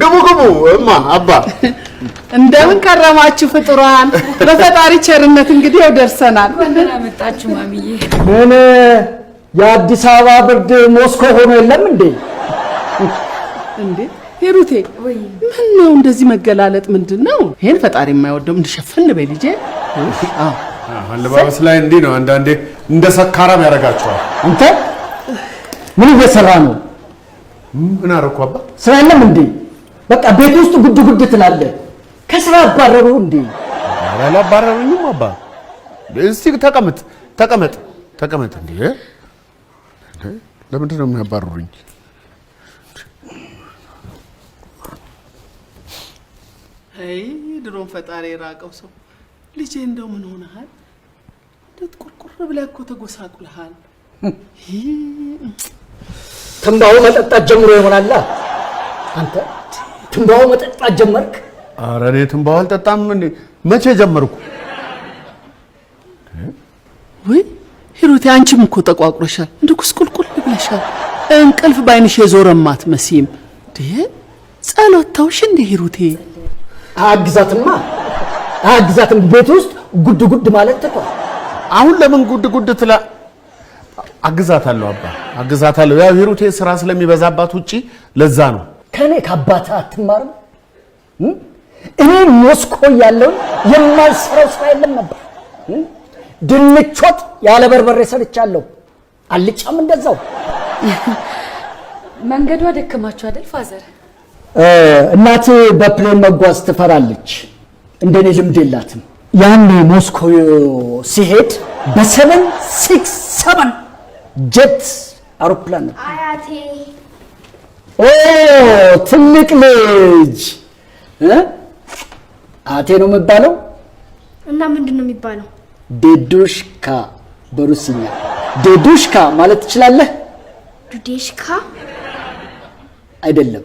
ግቡ ግቡ። እማ አባ እንደምን ከረማችሁ ፍጡራን? በፈጣሪ ቸርነት እንግዲህ ያው ደርሰናል። መጣችሁ ማሚዬ። ምን የአዲስ አበባ ብርድ ሞስኮ ሆኖ የለም እንዴ? እንዴ ሄሩቴ ምን ነው እንደዚህ መገላለጥ ምንድን ነው? ይሄን ፈጣሪ የማይወደው እንድሸፈን በይ ልጄ። አለባበስ ላይ እንዲህ ነው አንዳንዴ እንደ ሰካራም ያደርጋቸዋል። አንተ ምን እየሰራ ነው? ምን አደረኩ አባ? ስራ የለም እንዴ? በቃ ቤት ውስጥ ጉድ ጉድ ትላለህ። ከስራ አባረሩ እንዴ? አላባረሩኝም አባ። እስቲ ተቀመጥ ተቀመጥ ተቀመጥ። እንዴ ለምንድን ነው የሚያባርሩኝ? ተይ ድሮን ፈጣሪ የራቀው ሰው ልጄ፣ እንደው ምን ሆነሃል? እንዴት ቁርቁር ብለህ እኮ ተጎሳቁልሃል። ትንባሆ መጠጣት ጀምሮ ይሆናላ። አንተ ትንባሆ መጠጣት ጀመርክ? አረ እኔ ትንባሆ አልጠጣም። መቼ ጀመርኩ? ወይ ሂሩቴ፣ አንቺም እኮ ተቋቁረሻል፣ እንደ ቁስቁልቁል ብለሻል። እንቅልፍ ባይንሽ የዞረማት መሲም ጸሎት ተውሽ እንደ ሂሩቴ አግዛትማ አግዛትም ቤት ውስጥ ጉድ ጉድ ማለት ትቷል። አሁን ለምን ጉድ ጉድ ትላ አግዛታለሁ አባ አግዛታለሁ። ያው ሂሩቴ ስራ ስለሚበዛባት ውጪ ለዛ ነው። ከኔ ከአባት አትማርም። እኔ ሞስኮ ያለውን የማልሰራው ስራ የለም ነበር። ድንች ወጥ ያለ በርበሬ ሰርቻለሁ። አልጫም እንደዛው። መንገዱ ደከማችሁ አይደል ፋዘር? እናት በፕሌን መጓዝ ትፈራለች። እንደኔ ልምድ የላትም። ያኔ ሞስኮ ሲሄድ በሰቨን ሲክስ ሰቨን ጀት አውሮፕላን ትልቅ ልጅ አቴ ነው የሚባለው እና ምንድን ነው የሚባለው? ዴዱሽካ በሩስኛ ዴዱሽካ ማለት ትችላለህ? ዱዴሽካ አይደለም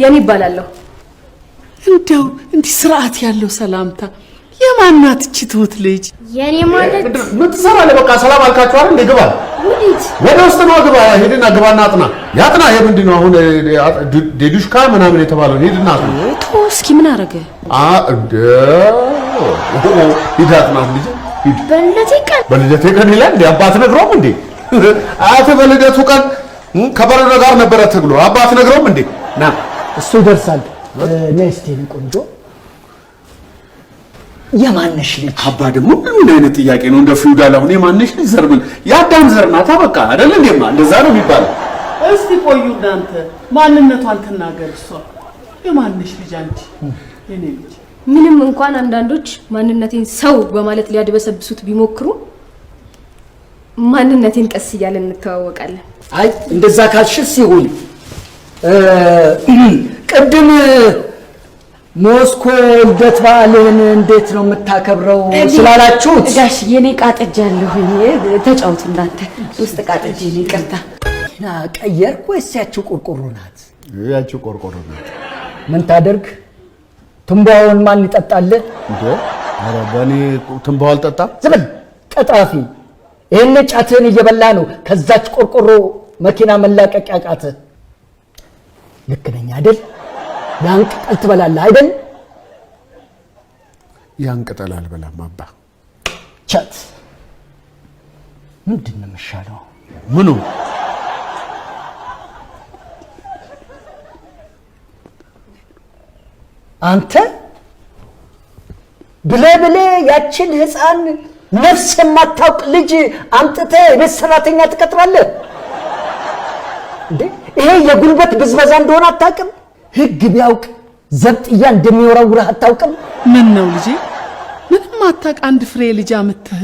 የኔ ይባላለሁ። እንዲያው እንዲህ ስርዓት ያለው ሰላምታ የማናት እቺ ትሁት ልጅ? የኔ ማለት ምን ትሰራለህ? በቃ ሰላም አልካችሁ አይደል? ግባ ወደ ውስጥ ነው ግባ። ሄድና ግባና አጥና፣ ያጥና። ይሄ ምንድን ነው አሁን? ዴዱሽካ ምናምን የተባለው ሄድና አጥና። ተው እስኪ ምን አረገ? አ እንደ ሂድ አጥና ልጅ ሂድ። በልደቴ ቀን በልደቴ ቀን ይላል እንዴ? አባት ነግሮም እንዴ? አያትህ በልደቱ ቀን ከበረዶ ጋር ነበረ ትግሉ። አባት ነግሮም እንዴ? ና እሱ ይደርሳል። ነስቲ ቆንጆ የማነሽ ልጅ አባ ደግሞ ምን አይነት ጥያቄ ነው? እንደ ፊውዳል አሁን የማነሽ ልጅ ዘር የአዳም ዘር ናታ። በቃ አይደል እንዴማ? እንደዛ ነው የሚባለው። እስቲ ቆዩ እናንተ ማንነቷን ትናገር እሷ የማነሽ ልጅ አንቺ የኔ ልጅ። ምንም እንኳን አንዳንዶች ማንነቴን ሰው በማለት ሊያድበሰብሱት ቢሞክሩ ማንነቴን ቀስ እያለን እንተዋወቃለን። አይ እንደዛ ካልሽስ ይሁን ቅድም ሞስኮ ልደት በዓልን እንዴት ነው የምታከብረው ስላላችሁት፣ ጋሽ የኔ ቃጥጃለሁ ተጫውት እናንተ ውስጥ ቃጥጅ ኔ ቅርታ ቀየርኩ። ወይስ ቆርቆሮ ናት? ያችው ቆርቆሮ ናት። ምን ታደርግ? ትንባውን ማን ይጠጣል? ኧረ በእኔ ትንባው አልጠጣም። ዝም ቀጣፊ። ይህን ጫትህን እየበላ ነው ከዛች ቆርቆሮ መኪና መላቀቅ ያቃትህ ልክ ነኝ አይደል? ያን ቅጠል ትበላለህ አይደል? ያን ቅጠል አልበላም አባ። ቻት ምንድን ነው የሚሻለው? ምኑ አንተ ብለህ ብለህ ያችን ህፃን ነፍስ የማታውቅ ልጅ አምጥተህ የቤት ሰራተኛ ትቀጥራለህ? ይሄ የጉልበት ብዝበዛ እንደሆነ አታውቅም? ህግ ቢያውቅ ዘብጥያ እንደሚወረውርህ አታውቅም? ምን ነው ልጄ፣ ምንም አታውቅ አንድ ፍሬ ልጅ አምጥተህ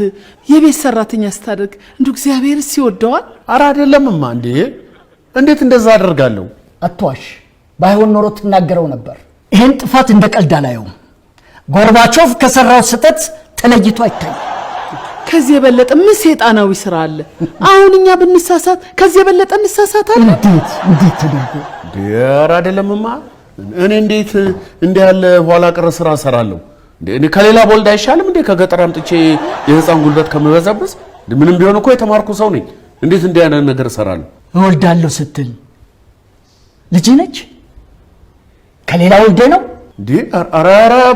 የቤት ሰራተኛ ስታደርግ እንዱ እግዚአብሔር ይወደዋል? አረ አይደለምማ። እንዴ እንዴት እንደዛ አደርጋለሁ? አትዋሽ። ባይሆን ኖሮ ትናገረው ነበር። ይህን ጥፋት እንደ ቀልድ አላየውም። ጎርባቾቭ ከሰራው ስህተት ተለይቶ አይታይም። ከዚህ የበለጠ ምን ሴጣናዊ ስራ አለ? አሁን እኛ ብንሳሳት ከዚህ የበለጠ እንሳሳት አለ? እንዴት እንዴት ተደርጎ ዲያር አይደለምማ። እኔ እንዴት እንዲህ ያለ ኋላ ቀረ ስራ እሰራለሁ? እኔ ከሌላ ቦልድ አይሻልም እንዴ? ከገጠር አምጥቼ የህፃን ጉልበት ከመበዛበስ ምንም ቢሆን እኮ የተማርኩ ሰው ነኝ። እንዴት እንዲህ ያለ ነገር እሰራለሁ? እወልዳለሁ ስትል ልጅ ነች ከሌላ ወልዴ ነው እንዴ? ኧረ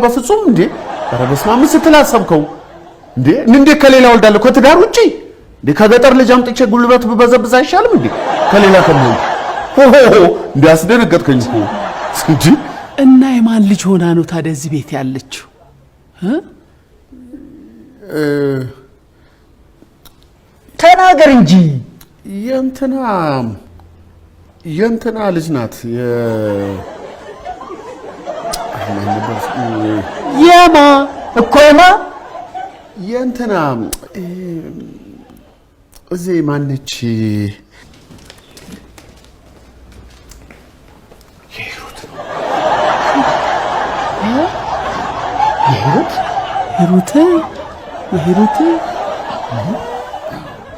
በፍጹም እንዴ! አረ በስመ አብ ስትል አሰብከው እንዴ እንዴ ከሌላ ወልዳለሁ ከትዳር ውጪ እንዴ ከገጠር ልጅ አምጥቼ ጉልበት ብበዘብዝ አይሻልም እንዴ ከሌላ ከመሆን እንዴ አስደነገጥከኝ እንጂ እና የማን ልጅ ሆና ነው ታዲያ እዚህ ቤት ያለችው ተናገር እንጂ የእንትና የእንትና ልጅ ናት የማ እኮ የማ የእንትና እዚህ ማነች የሄሩት ሄሩት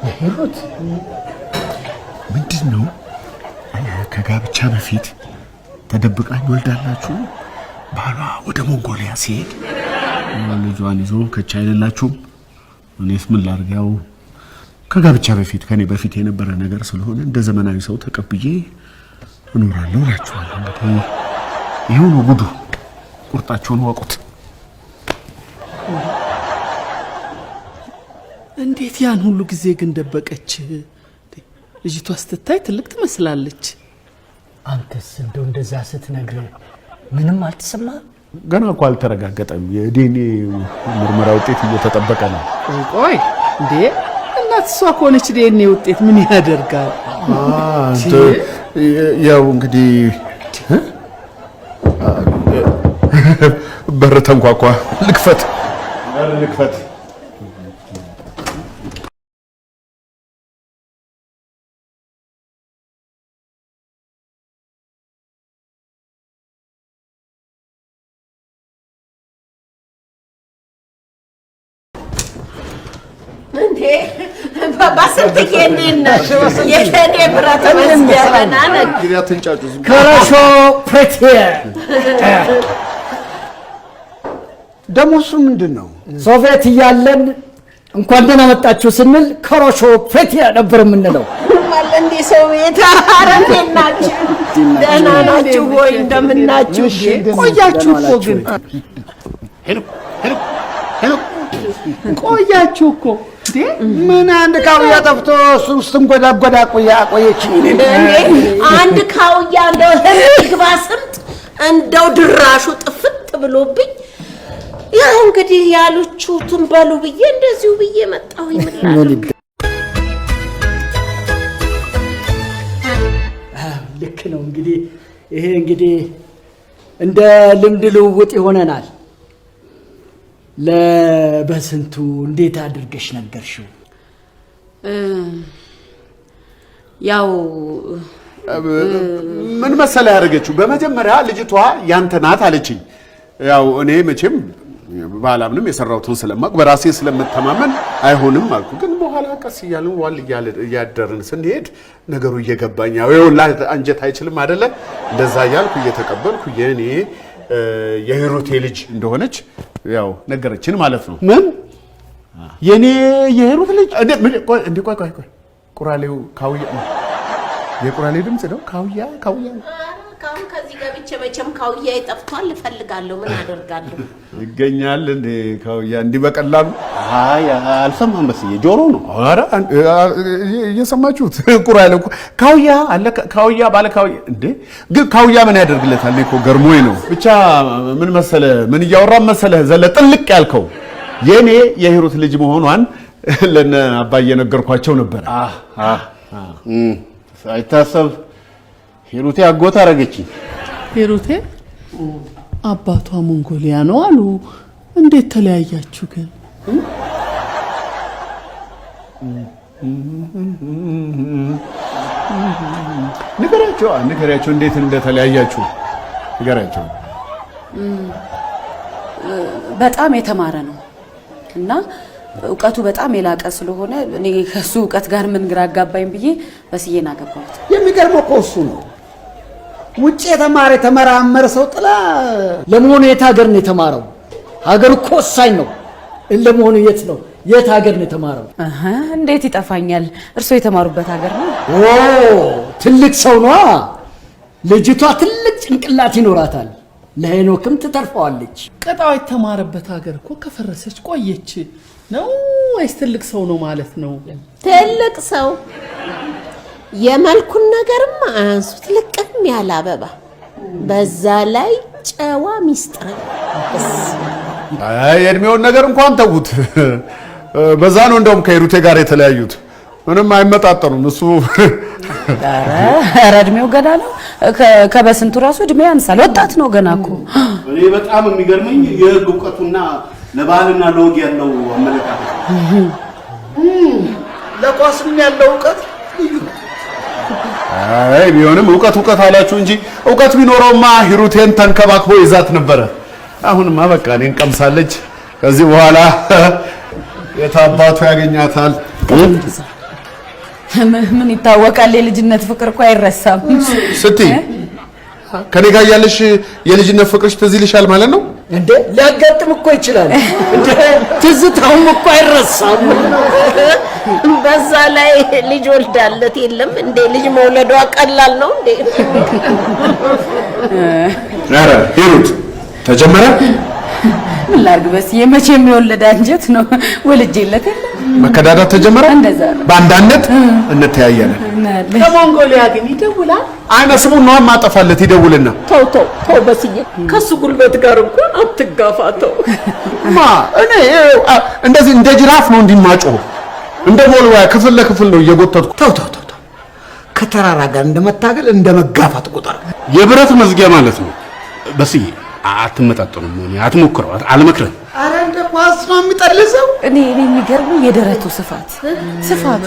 የሄሩት ምንድን ነው? ከጋብቻ በፊት ተደብቃኝ ወልዳላችሁ። ባሏ ወደ ሞንጎሊያ ሲሄድ ልጇን ይዞ ከቻ አይደላችሁም። እኔስ ምን ላድርግ? ያው ከጋብቻ በፊት ከኔ በፊት የነበረ ነገር ስለሆነ እንደ ዘመናዊ ሰው ተቀብዬ እኖራለሁ እላችኋለሁ። እንግዲህ ይኸው ነው ጉዱ። ቁርጣችሁን ወቁት። እንዴት ያን ሁሉ ጊዜ ግን ደበቀች? ልጅቷ ስትታይ ትልቅ ትመስላለች። አንተስ እንደው እንደዛ ስትነግረው ምንም አልተሰማህም? ገና እኮ አልተረጋገጠም። የዲኤንኤ ምርመራ ውጤት እየተጠበቀ ነው። ቆይ እንዴ እናት እሷ ከሆነች ዲኤንኤ ውጤት ምን ያደርጋል? ያው እንግዲህ በር ተንኳኳ። ልክፈት፣ በር ልክፈት ደግሞ እሱ ምንድን ነው ሶቪየት እያለን እንኳን ደህና መጣችሁ ስንል ከሮሾ ፕሬቲያ ነበር የምንለው። እንደ ሶቪየት ናችሁ ደህና ናችሁ ወይ እንደምናችሁ ቆያችሁ እኮ ግን ቆያችሁ እኮ ምን አንድ ካውያ ጠፍቶ እሱን ቆያ አቆየችኝ። አንድ ካውያ እንደው ግባ ስምጥ እንደው ድራሹ ጥፍጥ ብሎብኝ ያው እንግዲህ ያሉችሁትን በሉ ብዬ እንደዚሁ ብዬ መጣሁ። ይምላል ልክ ነው። እንግዲህ ይሄ እንግዲህ እንደ ልምድ ልውውጥ ይሆነናል። ለበስንቱ እንዴት አድርገሽ ነገርሽው? ያው ምን መሰለ ያደረገችው፣ በመጀመሪያ ልጅቷ ያንተ ናት አለችኝ። ያው እኔ መቼም ባላምንም የሰራሁትን ስለማቅ በራሴ ስለምተማመን አይሆንም አልኩ። ግን በኋላ ቀስ እያልን ዋል እያደርን ስንሄድ ነገሩ እየገባኝ ያው ላ አንጀት አይችልም አደለ እንደዛ እያልኩ እየተቀበልኩ የእኔ የሂሩቴ ልጅ እንደሆነች ያው ነገረችን ማለት ነው። ምን የኔ የሄሩት ልጅ እንዴ ቆይ ቆይ ቆይ ቁራሌው ካውያ የቁራሌው ድምፅ ነው። ካውያ ካውያ እስካሁን ከዚህ ገብቼ መቼም ካውያ ይጠፍቷል። እፈልጋለሁ። ምን አደርጋለሁ? ይገኛል እንዴ ካውያ? እንዲህ በቀላሉ አይ፣ አልሰማም። በስዬ ጆሮ ነው። ኧረ እየሰማችሁት ቁራ ያለ ካውያ አለ። ካውያ ባለ ካውያ እንዴ! ግን ካውያ ምን ያደርግለታል? እኮ ገርሞኝ ነው። ብቻ ምን መሰለ፣ ምን እያወራን መሰለ፣ ዘለ ጥልቅ ያልከው የኔ የሂሩት ልጅ መሆኗን ለነ አባዬ ነገርኳቸው ነበር። አህ አህ አይታሰብ ሂሩቴ አጎት አረገች። ሂሩቴ አባቷ ሞንጎሊያ ነው አሉ። እንዴት ተለያያችሁ ግን? ንገሪያቸው፣ ንገሪያቸው እንዴት እንደተለያያችሁ ንገሪያቸው። በጣም የተማረ ነው እና እውቀቱ በጣም የላቀ ስለሆነ እኔ ከሱ እውቀት ጋር ምን ግራ አጋባኝ ብዬ በስዬን አገባሁት። የሚገርመው እኮ እሱ ነው። ውጭ የተማረ የተመራመረ ሰው ጥላ ለመሆኑ የት ሀገር ነው የተማረው? ሀገር እኮ ወሳኝ ነው። ለመሆኑ የት ነው የት ሀገር ነው የተማረው? እንዴት ይጠፋኛል? እርስዎ የተማሩበት ሀገር ነው። ኦ ትልቅ ሰው ነዋ ልጅቷ። ትልቅ ጭንቅላት ይኖራታል። ለሄኖክም ትተርፈዋለች። ቀጣዋ የተማረበት ሀገር እኮ ከፈረሰች ቆየች ነው ወይስ ትልቅ ሰው ነው ማለት ነው? ትልቅ ሰው የመልኩን ነገርም አያንሱት ልቅም ያለ አበባ በዛ ላይ ጨዋ ሚስጥር። አይ የእድሜውን ነገር እንኳን ተዉት። በዛ ነው እንደውም ከሂሩቴ ጋር የተለያዩት። ምንም አይመጣጠኑም። እሱ ኧረ እድሜው ገና ነው። ከበስንቱ ራሱ እድሜ ያንሳል። ወጣት ነው ገና እኮ። እኔ በጣም የሚገርመኝ የህግ እውቀቱና ለባህልና ለወግ ያለው አመለካከት ለኳስም ያለው እውቀት ልዩ አይ ቢሆንም እውቀት እውቀት አላችሁ እንጂ እውቀት ቢኖረውማ ሂሩቴን ተንከባክቦ ይዛት ነበረ። አሁንማ በቃ እኔን ቀምሳለች። ከዚህ በኋላ የታባቱ ያገኛታል። ምን ይታወቃል? የልጅነት ፍቅር እኮ አይረሳም። ስቲ ከኔ ጋር ያለሽ የልጅነት ፍቅርሽ ትዝ ይልሻል ማለት ነው። እንዴ ሊያጋጥም እኮ ይችላል። እንዴ ትዝታውም እኮ አይረሳም። በዛ ላይ ልጅ ወልዳለት የለም እንዴ ልጅ መውለዷ ቀላል ነው እንዴ? ኧረ ሂሩት ተጀመረ። ምን ላድርግ በስዬ፣ መቼም የወለደ አንጀት ነው ወልጄለት የለ መከዳዳት ተጀመረ። በአንዳነት እንተያያለን ከሞንጎሊያ ግን ይደውላል። አይነ ስሙን ነው ማጠፋለት። ይደውልና ተው ተው ተው በስዬ ከሱ ጉልበት ጋር እንኳን አትጋፋተው። ማ እኔ እንደዚህ እንደ ጅራፍ ነው እንዲማጮ እንደ ሞልዋያ ክፍል ለክፍል ነው እየጎተትኩ። ተው ተው ተው ከተራራ ጋር እንደመታገል እንደመጋፋት ቁጠር። የብረት መዝጊያ ማለት ነው። በስዬ አትመጣጠኑ፣ አትሞክረው፣ አልመክረን አረ እንደ ኳስ ነው የሚጠልሰው። እኔ እኔ የደረቱ ስፋት ስፋቱ